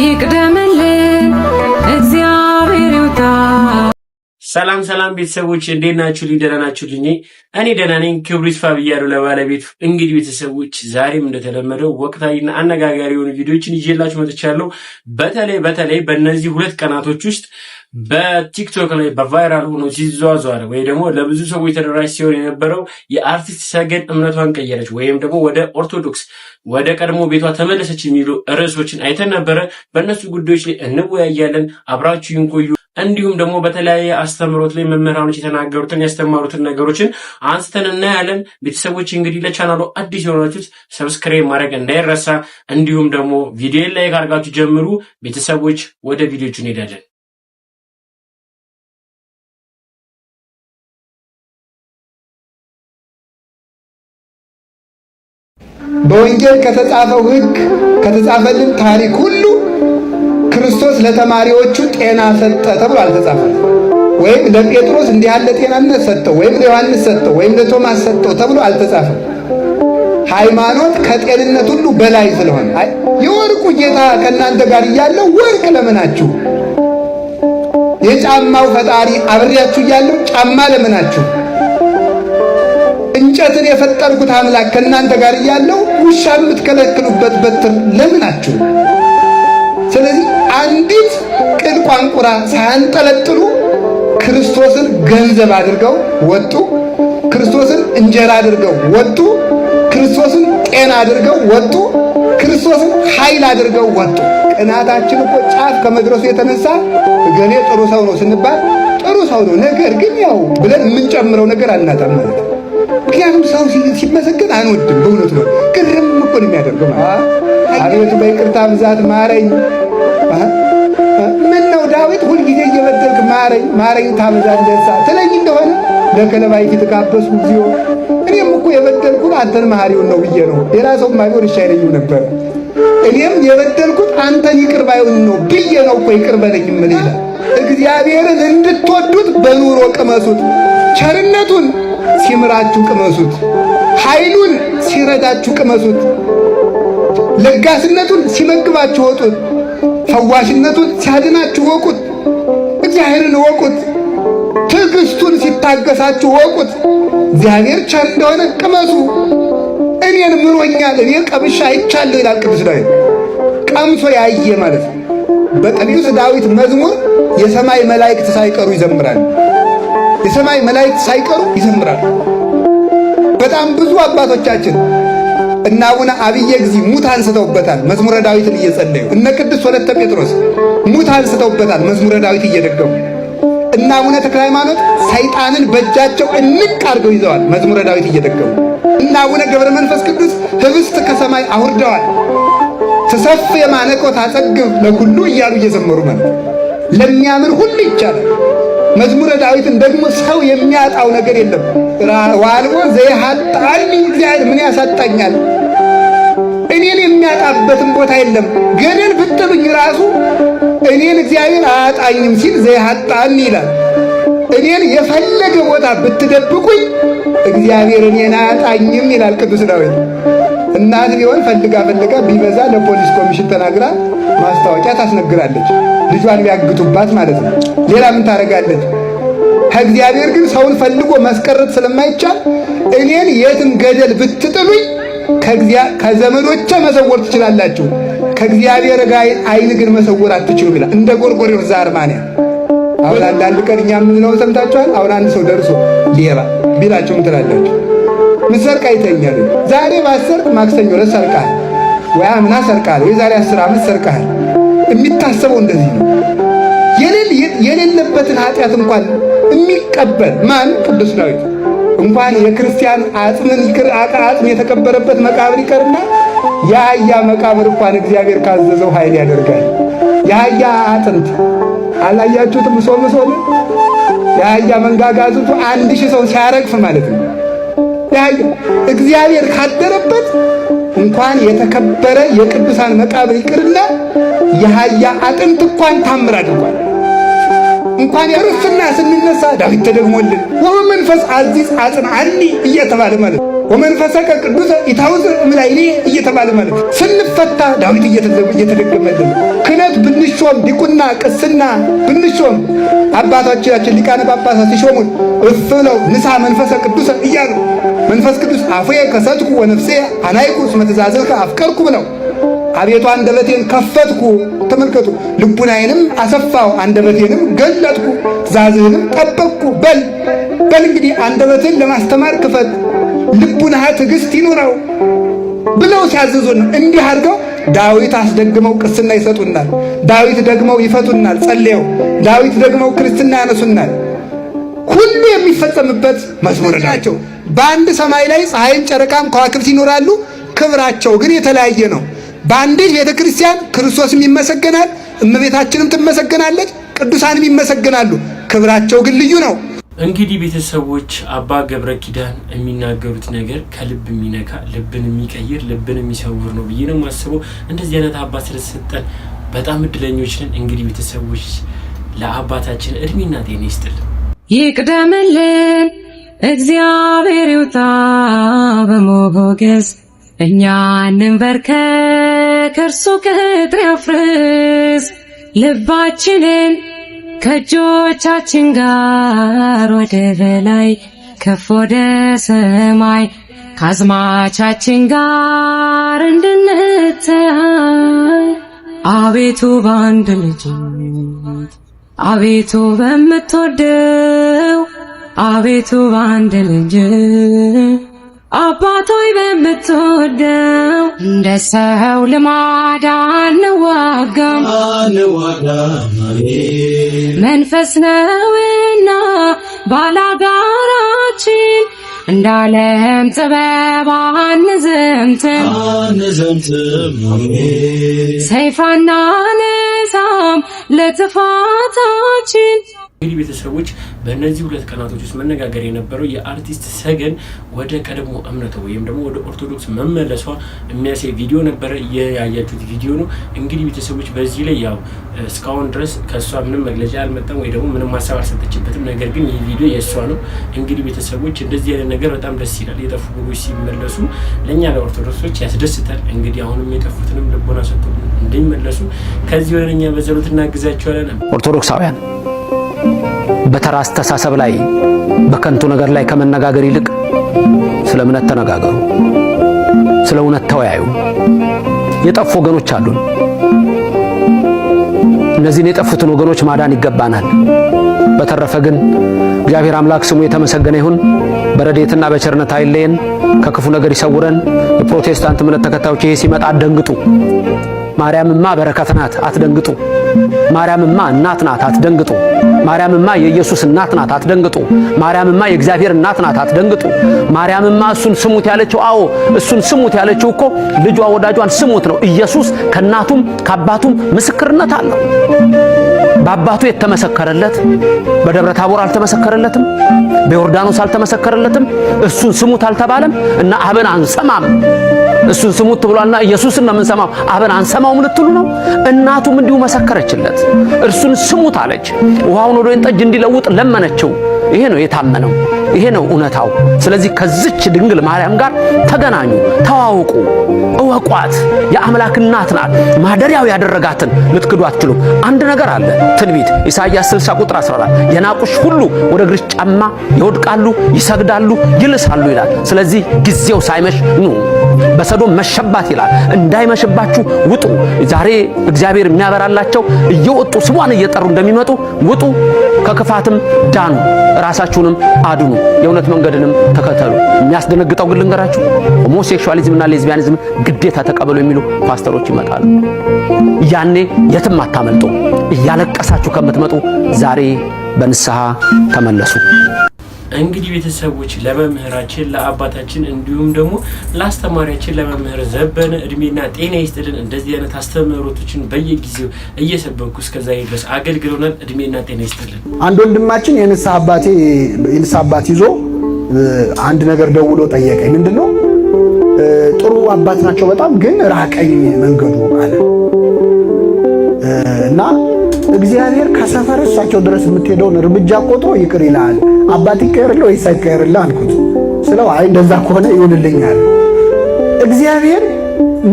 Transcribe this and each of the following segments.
ይቅደም ሰላም ሰላም ቤተሰቦች እንዴት ናችሁ? ሊደና ናችሁ ልኝ እኔ ደህና ነኝ። ክብሩ ይስፋ ብያለሁ ለባለቤቱ። እንግዲህ ቤተሰቦች ዛሬም እንደተለመደው ወቅታዊና አነጋጋሪ የሆኑ ቪዲዮችን ይዤላችሁ መጥቻለሁ። በተለይ በተለይ በእነዚህ ሁለት ቀናቶች ውስጥ በቲክቶክ ላይ በቫይራል ሆኖ ሲዘዋዘዋል ወይ ደግሞ ለብዙ ሰዎች ተደራሽ ሲሆን የነበረው የአርቲስት ሰገን እምነቷን ቀየረች ወይም ደግሞ ወደ ኦርቶዶክስ ወደ ቀድሞ ቤቷ ተመለሰች የሚሉ ርዕሶችን አይተን ነበረ። በእነሱ ጉዳዮች ላይ እንወያያለን። አብራችሁ ይንቆዩ። እንዲሁም ደግሞ በተለያየ አስተምሮት ላይ መምህራኖች የተናገሩትን ያስተማሩትን ነገሮችን አንስተን እናያለን። ቤተሰቦች እንግዲህ ለቻናሉ አዲስ የሆናችሁት ሰብስክራይብ ማድረግ እንዳይረሳ፣ እንዲሁም ደግሞ ቪዲዮ ላይ ካርጋችሁ ጀምሩ። ቤተሰቦች ወደ ቪዲዮቹ እንሄዳለን። በወንጌል ከተጻፈው ሕግ ከተጻፈልን ታሪክ ሁሉ ክርስቶስ ለተማሪዎቹ ጤና ሰጠ ተብሎ አልተጻፈም። ወይም ለጴጥሮስ እንዲህ ያለ ጤናነት ሰጠው፣ ወይም ለዮሐንስ ሰጠው፣ ወይም ለቶማስ ሰጠው ተብሎ አልተጻፈም። ሃይማኖት ከጤንነት ሁሉ በላይ ስለሆነ የወርቁ ጌታ ከእናንተ ጋር እያለው ወርቅ ለምናችሁ፣ የጫማው ፈጣሪ አብሬያችሁ እያለው ጫማ ለምናችሁ፣ እንጨትን የፈጠርኩት አምላክ ከእናንተ ጋር እያለው ውሻ የምትከለክሉበት በትር ለምናችሁ። ስለዚህ አንዲት ቅን ቋንቁራ ሳያንጠለጥሉ ክርስቶስን ገንዘብ አድርገው ወጡ። ክርስቶስን እንጀራ አድርገው ወጡ። ክርስቶስን ጤና አድርገው ወጡ። ክርስቶስን ኃይል አድርገው ወጡ። ቅናታችን እኮ ጫፍ ከመድረሱ የተነሳ እገሌ ጥሩ ሰው ነው ስንባል ጥሩ ሰው ነው፣ ነገር ግን ያው ብለን የምንጨምረው ነገር አናጣም ማለት ምክንያቱም ሰው ሲመሰገን አንወድም። በእውነት ነው ግርም እኮ ነው የሚያደርገው ማለት አቤቱ በይቅርታ ብዛት ማረኝ ምን ነው ዳዊት ሁልጊዜ እየበደልክ ማረኝ ማረኝ ታበዛለህ ትለኝ እንደሆነ ለከለባይት የተጋበሱ ጊዜ እኔም እኮ የበደልኩት አንተን መሐሪውን ነው ብዬ ነው። ሌላ ሰው ማቢሆን ይሻለኝ ነበር። እኔም የበደልኩት አንተን ይቅር ባይሆን ነው ብዬ ነው እኮ ይቅር በለኝ ምን ይላል። እግዚአብሔርን እንድትወዱት በኑሮ ቅመሱት፣ ቸርነቱን ሲምራችሁ ቅመሱት፣ ኃይሉን ሲረዳችሁ ቅመሱት፣ ለጋስነቱን ሲመግባችሁ ወጡት ፈዋሽነቱን ሲያድናችሁ ወቁት። እግዚአብሔርን ወቁት። ትዕግስቱን ሲታገሳችሁ ወቁት። እግዚአብሔር ቸር እንደሆነ ቅመሱ። እኔን ምሮኛል፣ እኔ ቀምሻ አይቻለሁ ይላል ቅዱስ ዳዊት። ቀምሶ ያየ ማለት ነው። በቅዱስ ዳዊት መዝሙር የሰማይ መላእክት ሳይቀሩ ይዘምራል። የሰማይ መላእክት ሳይቀሩ ይዘምራል። በጣም ብዙ አባቶቻችን እነ አቡነ አብየ ጊዜ ሙት አንስተውበታል መዝሙረ ዳዊትን እየጸለዩ። እነ ቅዱስ ወለተ ጴጥሮስ ሙት አንስተውበታል መዝሙረ ዳዊት እየደገሙ። እነ አቡነ ተክለ ሃይማኖት ሰይጣንን በእጃቸው እንቅ አድርገው ይዘዋል መዝሙረ ዳዊት እየደገሙ። እነ አቡነ ገብረ መንፈስ ቅዱስ ህብስት ከሰማይ አውርደዋል። ትሰፍ የማነቆ ታጸግብ ለሁሉ እያሉ እየዘመሩ ማለት ለሚያምር ሁሉ ይቻላል። መዝሙረ ዳዊትን ደግሞ ሰው የሚያጣው ነገር የለም። ዋልቦ ዘይሃጣኒ እግዚአብሔር ምን ያሳጣኛል? እኔን የሚያጣበትም ቦታ የለም። ገደል ብጥሉኝ ራሱ እኔን እግዚአብሔር አያጣኝም ሲል ዘይሃጣኒ ይላል። እኔን የፈለገ ቦታ ብትደብቁኝ እግዚአብሔር እኔን አያጣኝም ይላል ቅዱስ ዳዊት። እናት ቢሆን ፈልጋ ፈልጋ ቢበዛ ለፖሊስ ኮሚሽን ተናግራ ማስታወቂያ ታስነግራለች። ልጇን ቢያግጡባት ማለት ነው። ሌላ ምን ታደርጋለች? ከእግዚአብሔር ግን ሰውን ፈልጎ ማስቀረት ስለማይቻል እኔን የትም ገደል ብትጥሉኝ ከዘመዶቼ መሰወር ትችላላችሁ፣ ከእግዚአብሔር ጋር አይን ግን መሰወር አትችሉም ይላል። እንደ ጎርጎርዮስ ዘአርማንያ አሁን አንዳንድ ቀን እኛ የምንለውን ሰምታችኋል። አሁን አንድ ሰው ደርሶ ሌባ ቢላችሁ ምን ትላላችሁ? ምሰርቅ አይተኛል። ዛሬ ባሰርቅ ማክሰኞ ዕለት ሰርቃል ወይ አምና ሰርቃል ወይ ዛሬ አስር ዓመት ሰርቃል የሚታሰበው እንደዚህ ነው። የሌለበትን ኃጢአት እንኳን የሚቀበል ማን? ቅዱስ ዳዊት እንኳን የክርስቲያን አጽምን አጽም የተቀበረበት መቃብር ይቀርና የአህያ መቃብር እንኳን እግዚአብሔር ካዘዘው ኃይል ያደርጋል። የአህያ አጥንት አላያችሁት? ብሶ ምሶል የአህያ አንድ ሺህ ሰው ሲያረግፍ ማለት ነው። እግዚአብሔር ካደረበት እንኳን የተከበረ የቅዱሳን መቃብር ይቅርና የአህያ አጥንት እንኳን ታምር አድርጓል። እንኳን የርፍና ስንነሳ ዳዊት ተደግሞልን ወመንፈስ አዚዝ አጽንዓኒ እየተባለ ማለት ወመንፈሰከ ቅዱሰ ኢታውዝ እምላይኔ እየተባለ ማለት ስንፈታ ዳዊት እየተደገመልን ክህነት ብንሾም ዲቁና ቅስና ብንሾም አባቶቻችን ሊቃነ ጳጳሳት ሲሾሙን እፍለው ንሳ መንፈሰ ቅዱሰ እያሉ መንፈስ ቅዱስ አፉየ ከሰትኩ ወነፍሴ አናይኩ እስመ ትእዛዝከ አፍቀርኩ ብለው አቤቱ አንደበቴን ከፈትኩ፣ ተመልከቱ፣ ልቡናዬንም አሰፋው፣ አንደበቴንም ገለጥኩ፣ ትእዛዝህንም ጠበቅኩ። በል በል እንግዲህ አንደበትን ለማስተማር ክፈት፣ ልቡና ትዕግሥት ይኑረው ብለው ሲያዝዙን እንዲህ አድርገው ዳዊት አስደግመው ቅስና ይሰጡናል። ዳዊት ደግመው ይፈቱናል ጸልየው። ዳዊት ደግመው ክርስትና ያነሱናል። ሁሉ የሚፈጸምበት መዝሙር ናቸው። በአንድ ሰማይ ላይ ፀሐይን፣ ጨረቃም ከዋክብት ይኖራሉ። ክብራቸው ግን የተለያየ ነው። በአንዲት ቤተ ክርስቲያን ክርስቶስም ይመሰገናል፣ እመቤታችንም ትመሰገናለች፣ ቅዱሳንም ይመሰገናሉ። ክብራቸው ግን ልዩ ነው። እንግዲህ ቤተሰቦች አባ ገብረ ኪዳን የሚናገሩት ነገር ከልብ የሚነካ ልብን የሚቀይር ልብን የሚሰውር ነው ብዬ ነው የማስበው። እንደዚህ አይነት አባት ስለተሰጠን በጣም እድለኞች ነን። እንግዲህ ቤተሰቦች ለአባታችን እድሜና ጤና ይስጥልን፣ ይቅደምልን፣ እግዚአብሔር ይውጣ በሞገስ እኛ ከእርሱ ቅጥር ያፍርስ ልባችንን ከእጆቻችን ጋር ወደ በላይ ከፍ ወደ ሰማይ ከአዝማቻችን ጋር እንድንተያይ አቤቱ በአንድ ልጅ አቤቱ በምትወደው አቤቱ በአንድ ልጅ አባት በምትወደው እንደ ሰው ልማድ አንዋጋም መንፈስ ነውና ባላጋራችን እንደ ዓለም ጥበብ አንዘምትም ሰይፋና ጌታም ለጥፋታችን እንግዲህ ቤተሰቦች በእነዚህ ሁለት ቀናቶች ውስጥ መነጋገር የነበረው የአርቲስት ሰገን ወደ ቀድሞ እምነት ወይም ደግሞ ወደ ኦርቶዶክስ መመለሷ የሚያሳይ ቪዲዮ ነበረ። የያያችሁት ቪዲዮ ነው። እንግዲህ ቤተሰቦች በዚህ ላይ ያው እስካሁን ድረስ ከእሷ ምንም መግለጫ አልመጣም፣ ወይ ደግሞ ምንም ሀሳብ አልሰጠችበትም። ነገር ግን ይህ ቪዲዮ የእሷ ነው። እንግዲህ ቤተሰቦች እንደዚህ አይነት ነገር በጣም ደስ ይላል። የጠፉ ጎሎች ሲመለሱ ለእኛ ለኦርቶዶክሶች ያስደስታል። እንግዲህ አሁንም የጠፉትንም ልቦና ሰጥቶ እንዲመለሱ ከዚህ ወደ እኛ በጸሎት እናግዛቸዋለን። ኦርቶዶክሳውያን በተራ አስተሳሰብ ላይ በከንቱ ነገር ላይ ከመነጋገር ይልቅ ስለ እምነት ተነጋገሩ፣ ስለ እውነት ተወያዩ። የጠፉ ወገኖች አሉን። እነዚህን የጠፉትን ወገኖች ማዳን ይገባናል። በተረፈ ግን እግዚአብሔር አምላክ ስሙ የተመሰገነ ይሁን። በረዴትና በቸርነት አይለየን፣ ከክፉ ነገር ይሰውረን። የፕሮቴስታንት እምነት ተከታዮች ይሄ ሲመጣ አደንግጡ፣ ማርያምማ በረከት ናት፣ አትደንግጡ። ማርያምማ እናት ናት፣ አትደንግጡ። ማርያምማ የኢየሱስ እናት ናት፣ አትደንግጡ። ማርያምማ የእግዚአብሔር እናት ናት፣ አትደንግጡ። ማርያምማ እሱን ስሙት ያለችው አዎ፣ እሱን ስሙት ያለችው እኮ ልጇ ወዳጇን ስሙት ነው። ኢየሱስ ከእናቱም ከአባቱም ምስክርነት አለው። በአባቱ የተመሰከረለት በደብረ ታቦር አልተመሰከረለትም፣ በዮርዳኖስ አልተመሰከረለትም። እሱን ስሙት አልተባለም እና አብን አንሰማም እሱን ስሙት ብሏልና ኢየሱስን ነው የምንሰማው፣ አብን አንሰማውም ልትሉ ነው። እናቱም እንዲሁ መሰከረችለት፣ እርሱን ስሙት አለች። ውሃው ጭቃውን ወደ ወይን ጠጅ እንዲለውጥ ለመነችው። ይሄ ነው የታመነው፣ ይሄ ነው እውነታው። ስለዚህ ከዚች ድንግል ማርያም ጋር ተገናኙ፣ ተዋውቁ፣ እወቋት። የአምላክ እናት ናት። ማደሪያው ያደረጋትን ልትክዱ አትችሉም። አንድ ነገር አለ። ትንቢት ኢሳይያስ 60 ቁጥር 14 የናቁሽ ሁሉ ወደ እግርሽ ጫማ ይወድቃሉ፣ ይሰግዳሉ፣ ይልሳሉ ይላል። ስለዚህ ጊዜው ሳይመሽ ኑ። በሰዶም መሸባት ይላል። እንዳይመሽባችሁ ውጡ። ዛሬ እግዚአብሔር የሚያበራላቸው እየወጡ ስሟን እየጠሩ እንደሚመጡ ውጡ፣ ከክፋትም ዳኑ፣ ራሳችሁንም አድኑ፣ የእውነት መንገድንም ተከተሉ። የሚያስደነግጠው ግን ልንገራችሁ፣ ሆሞሴክሹዋሊዝምና ሌዝቢያኒዝም ግዴታ ተቀበሉ የሚሉ ፓስተሮች ይመጣሉ። ያኔ የትም አታመልጡ። እያለቀሳችሁ ከምትመጡ ዛሬ በንስሐ ተመለሱ። እንግዲህ ቤተሰቦች ለመምህራችን ለአባታችን እንዲሁም ደግሞ ለአስተማሪያችን ለመምህር ዘበነ እድሜና ጤና ይስጥልን። እንደዚህ አይነት አስተምህሮቶችን በየጊዜው እየሰበኩ እስከዛ ድረስ አገልግለውናል። እድሜና ጤና ይስጥልን። አንድ ወንድማችን የንስሐ አባቴ የንስሐ አባት ይዞ አንድ ነገር ደውሎ ጠየቀኝ። ምንድን ነው ጥሩ አባት ናቸው በጣም ግን ራቀኝ መንገዱ አለ እግዚአብሔር ከሰፈር እሳቸው ድረስ የምትሄደውን እርምጃ ቆጥሮ ይቅር ይልሃል። አባት ይቀየርልህ ወይስ አይቀየርልህ አልኩት ስለው አይ እንደዛ ከሆነ ይሁንልኛል። እግዚአብሔር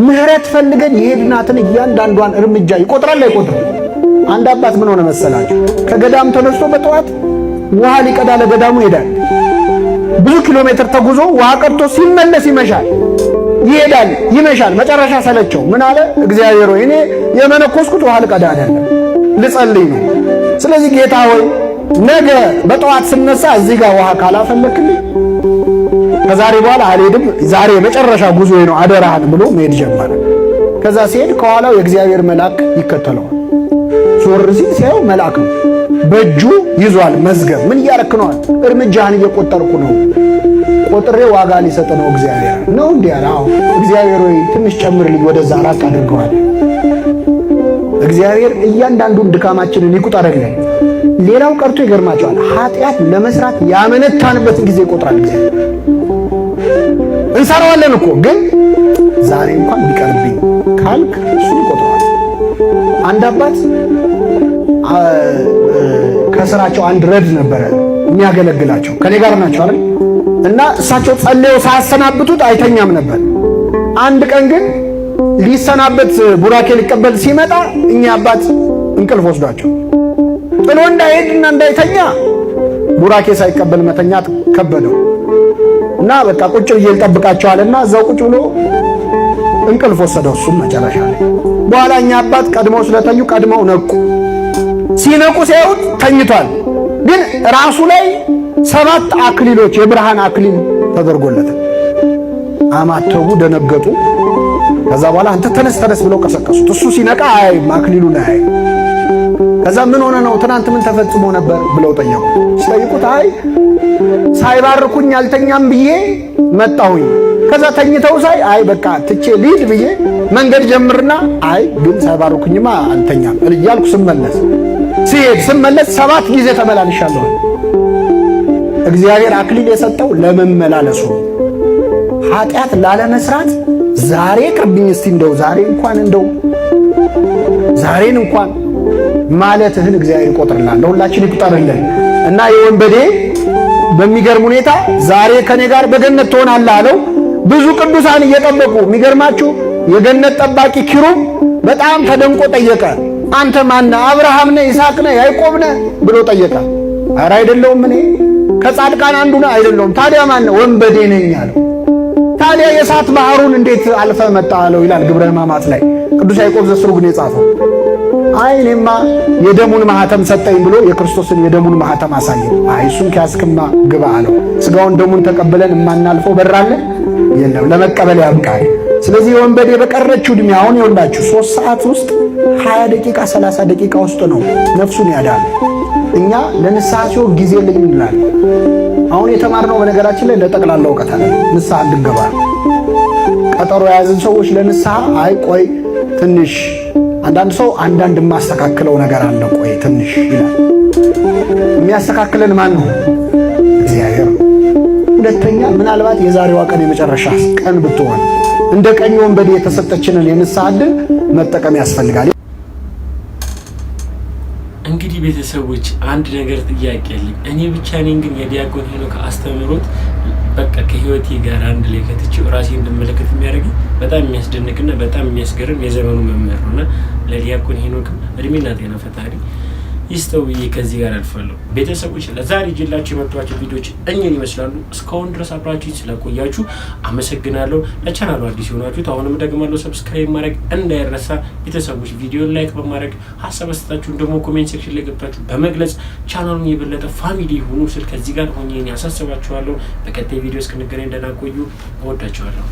ምህረት ፈልገን የሄድናትን እያንዳንዷን እርምጃ ይቆጥራል አይቆጥርም? አንድ አባት ምን ሆነ መሰላችሁ? ከገዳም ተነስቶ በጠዋት ውሃ ሊቀዳ ለገዳሙ ይሄዳል። ብዙ ኪሎ ሜትር ተጉዞ ውሃ ቀድቶ ሲመለስ ይመሻል። ይሄዳል፣ ይመሻል። መጨረሻ ሰለቸው። ምን አለ? እግዚአብሔር ሆይ እኔ የመነኮስኩት ውሃ ልቀዳ አይደለም ልጸልይ ነው። ስለዚህ ጌታ ሆይ ነገ በጠዋት ስነሳ እዚህ ጋር ውሃ ካላፈለክልኝ ከዛሬ በኋላ አልሄድም፣ ዛሬ የመጨረሻ ጉዞ ነው አደራህን ብሎ መሄድ ጀመረ። ከዛ ሲሄድ ከኋላው የእግዚአብሔር መልአክ ይከተለዋል። ዞር ሲል ሲያየው መልአክ ነው፣ በእጁ ይዟል መዝገብ። ምን እያረክ ነዋል? እርምጃህን እየቆጠርኩ ነው፣ ቆጥሬ ዋጋ ሊሰጥ ነው እግዚአብሔር ነው እንዲያ። እንዲያለ። እግዚአብሔር ወይ ትንሽ ጨምርልኝ፣ ወደዛ ራቅ አድርገዋል እግዚአብሔር እያንዳንዱን ድካማችንን ይቁጠርልን። ሌላው ቀርቶ ይገርማቸዋል፣ ኃጢአት ለመስራት ያመነታንበትን ጊዜ ይቆጥራል። እግዚአብሔር እንሰራዋለን እኮ ግን ዛሬ እንኳን ቢቀርብኝ ካልክ እሱ ይቆጥረዋል። አንድ አባት ከስራቸው አንድ ረድ ነበረ የሚያገለግላቸው ከኔ ጋር ናቸው አይደል እና እሳቸው ጸልየው ሳያሰናብቱት አይተኛም ነበር። አንድ ቀን ግን ሊሰናበት ቡራኬ ሊቀበል ሲመጣ እኛ አባት እንቅልፍ ወስዷቸው ጥሎ እንዳይሄድና እንዳይተኛ ቡራኬ ሳይቀበል መተኛት ከበደው እና በቃ ቁጭ ብዬ ልጠብቃቸዋልና እዛው ቁጭ ብሎ እንቅልፍ ወሰደው። እሱም መጨረሻ ላይ በኋላ እኛ አባት ቀድመው ስለተኙ ቀድመው ነቁ። ሲነቁ ሲያዩት ተኝቷል፣ ግን ራሱ ላይ ሰባት አክሊሎች የብርሃን አክሊል ተደርጎለት አማተቡ ደነገጡ። ከዛ በኋላ አንተ ተነስ ተነስ ብለው ቀሰቀሱት። እሱ ሲነቃ አይ አክሊሉ ላይ ከዛ ምን ሆነ ነው ትናንት ምን ተፈጽሞ ነበር ብለው ጠየቁ። ሲጠይቁት አይ ሳይባርኩኝ አልተኛም ብዬ መጣሁኝ። ከዛ ተኝተው ሳይ አይ በቃ ትቼ ልሂድ ብዬ መንገድ ጀምርና አይ ግን ሳይባርኩኝማ አልተኛም እያልኩ ስመለስ ሲሄድ ስመለስ ሰባት ጊዜ ተመላልሻለሁ። እግዚአብሔር አክሊል የሰጠው ለመመላለሱ ኃጢአት ላለመስራት ዛሬ ቅርብኝ እስቲ እንደው ዛሬ እንኳን እንደው ዛሬን እንኳን ማለትህን እግዚአብሔር ይቆጥርልሃል። ሁላችን ይቁጠርልን እና የወንበዴ በሚገርም ሁኔታ ዛሬ ከኔ ጋር በገነት ትሆናለህ አለው። ብዙ ቅዱሳን እየጠበቁ የሚገርማችሁ የገነት ጠባቂ ኪሩብ በጣም ተደንቆ ጠየቀ። አንተ ማነ? አብርሃም ነ? ይስሐቅ ነ? ያዕቆብ ነ? ብሎ ጠየቀ። ኧረ አይደለሁም እኔ ከጻድቃን አንዱ ነ አይደለሁም። ታዲያ ማነ? ወንበዴ ነኝ አለው። ታዲያ የእሳት ባህሩን እንዴት አልፈ መጣ አለው ይላል ግብረ ሕማማት ላይ ቅዱስ ያዕቆብ ዘስሩግ ነው የጻፈው። አይ እኔማ የደሙን ማህተም ሰጠኝ ብሎ የክርስቶስን የደሙን ማህተም አሳየ። አይ እሱም ኪያስክማ ግባ አለው። ስጋውን ደሙን ተቀብለን የማናልፈው በራለ የለም ለመቀበል ያብቃል። ስለዚህ የወንበዴ በቀረችው ዕድሜ አሁን ይወላችሁ ሶስት ሰዓት ውስጥ ሀያ ደቂቃ ሰላሳ ደቂቃ ውስጥ ነው ነፍሱን ያዳል። እኛ ለንስሐ ሲሆን ጊዜ ልኝ እንላለን። አሁን የተማርነው በነገራችን ላይ ለጠቅላላ እውቀት ንስሐ እንድንገባ ቀጠሮ የያዝን ሰዎች ለንስሐ አይ ቆይ ትንሽ አንዳንድ ሰው አንዳንድ የማስተካክለው ነገር አለ ቆይ ትንሽ ይላል። የሚያስተካክለን ማን ነው? እግዚአብሔር ሁለተኛ ምናልባት የዛሬዋ ቀን የመጨረሻ ቀን ብትሆን እንደ ቀኝ ወንበዴ የተሰጠችንን የንስሐ ዕድል መጠቀም ያስፈልጋል። እንግዲህ ቤተሰቦች አንድ ነገር ጥያቄ ያለኝ እኔ ብቻ ነኝ ግን የዲያቆን ሄኖክ አስተምህሮት በቃ ከህይወቴ ጋር አንድ ላይ ከትችው ራሴ እንድመለከት የሚያደርገኝ በጣም የሚያስደንቅና በጣም የሚያስገርም የዘመኑ መምህር ነውና ለዲያቆን ሄኖክም እድሜና ጤና ፈጣሪ ይስተው ብዬ ከዚህ ጋር አልፋለሁ። ቤተሰቦች ለዛሬ ጅላችሁ የመጥቷቸው ቪዲዮዎች እኝን ይመስላሉ። እስካሁን ድረስ አብራችሁ ስለቆያችሁ አመሰግናለሁ። ለቻናሉ አዲስ የሆናችሁት አሁንም ደግማለሁ፣ ሰብስክራይብ ማድረግ እንዳይረሳ። ቤተሰቦች ቪዲዮ ላይክ በማድረግ ሀሳብ አስተታችሁን ደግሞ ኮሜንት ሴክሽን ላይ ገብታችሁ በመግለጽ ቻናሉን የበለጠ ፋሚሊ የሆኑ ስል ከዚህ ጋር ሆኜን ያሳስባችኋለሁ። በቀጣይ ቪዲዮ እስክንገናኝ ደህና ቆዩ። እወዳችኋለሁ።